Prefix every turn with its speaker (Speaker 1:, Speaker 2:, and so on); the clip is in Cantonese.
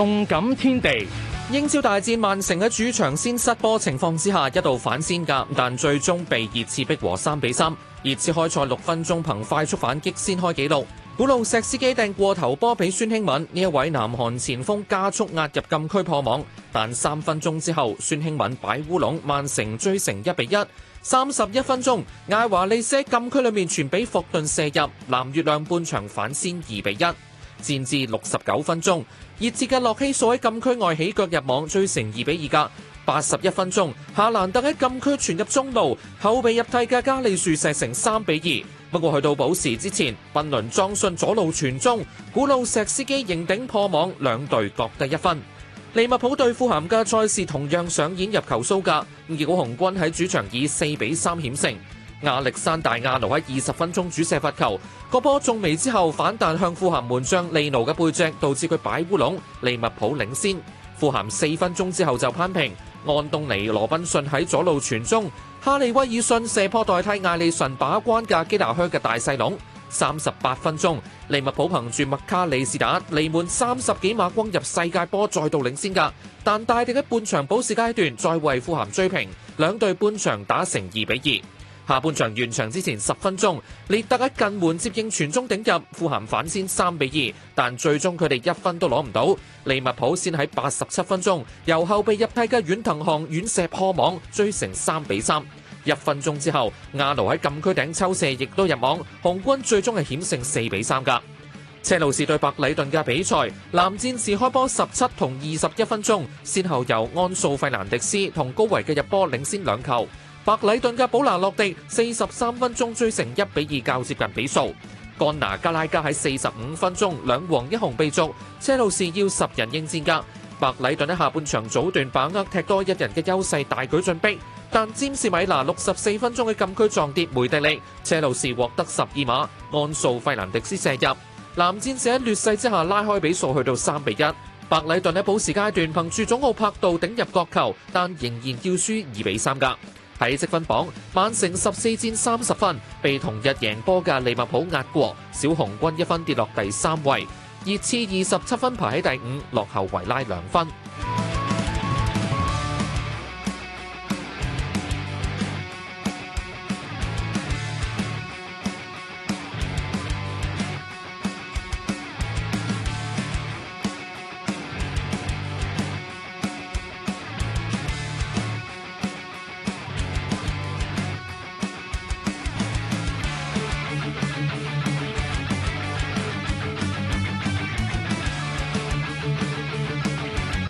Speaker 1: 動感天地英超大戰，曼城喺主場先失波情況之下，一度反先噶，但最終被熱刺逼和三比三。熱刺開賽六分鐘憑快速反擊先開紀錄，古路石斯基掟過頭波俾孫興敏呢一位南韓前鋒加速壓入禁區破網，但三分鐘之後孫興敏擺烏龍，曼城追成一比一。三十一分鐘艾華利斯禁區裏面傳俾霍頓射入，藍月亮半場反先二比一。戰至六十九分鐘，熱刺嘅洛希所喺禁區外起腳入網，追成二比二格。八十一分鐘，夏蘭特喺禁區傳入中路，後備入替嘅加利樹射成三比二。不過去到補時之前，奔倫莊信左路傳中，古路石斯基迎頂破網，兩隊各得一分。利物浦對富咸嘅賽事同樣上演入球蘇格，結果紅軍喺主場以四比三險勝。亞歷山大·亞奴喺二十分鐘主射罰球，個波中眉之後反彈向富咸門將利奴嘅背脊，導致佢擺烏龍。利物浦領先。富咸四分鐘之後就攀平。安東尼·羅賓遜喺左路傳中，哈利威爾遜射破代替亞利臣把關嘅基達靴嘅大細龍。三十八分鐘，利物浦憑住麥卡利斯打離門三十幾碼，攻入世界波，再度領先噶。但大地喺半場補時階段，再為富咸追平，兩隊半場打成二比二。下半場完場之前十分鐘，列特喺近門接應傳中頂入，富咸反先三比二，但最終佢哋一分都攞唔到。利物浦先喺八十七分鐘由後備入替嘅遠藤航遠射破網，追成三比三。一分鐘之後，阿奴喺禁區頂抽射亦都入網，紅軍最終係險勝四比三噶。車路士對白禮頓嘅比賽，藍戰士開波十七同二十一分鐘，先後由安素費蘭迪斯同高維嘅入波領先兩球。白禮頓嘅保拿落地四十三分鐘追成一比二，較接近比數。干拿加拉加喺四十五分鐘兩黃一紅被逐，車路士要十人應戰㗎。白禮頓喺下半場早段把握踢多一人嘅優勢，大舉進逼。但占士米拿六十四分鐘嘅禁區撞跌梅迪力，車路士獲得十二碼，安素費蘭迪斯射入。藍戰者劣勢之下拉開比數去到三比一。白禮頓喺補時階段憑住總奧拍度頂入角球，但仍然要輸二比三㗎。喺積分榜，曼城十四戰三十分，被同日贏波嘅利物浦壓過，小紅軍一分跌落第三位，熱刺二十七分排喺第五，落後維拉兩分。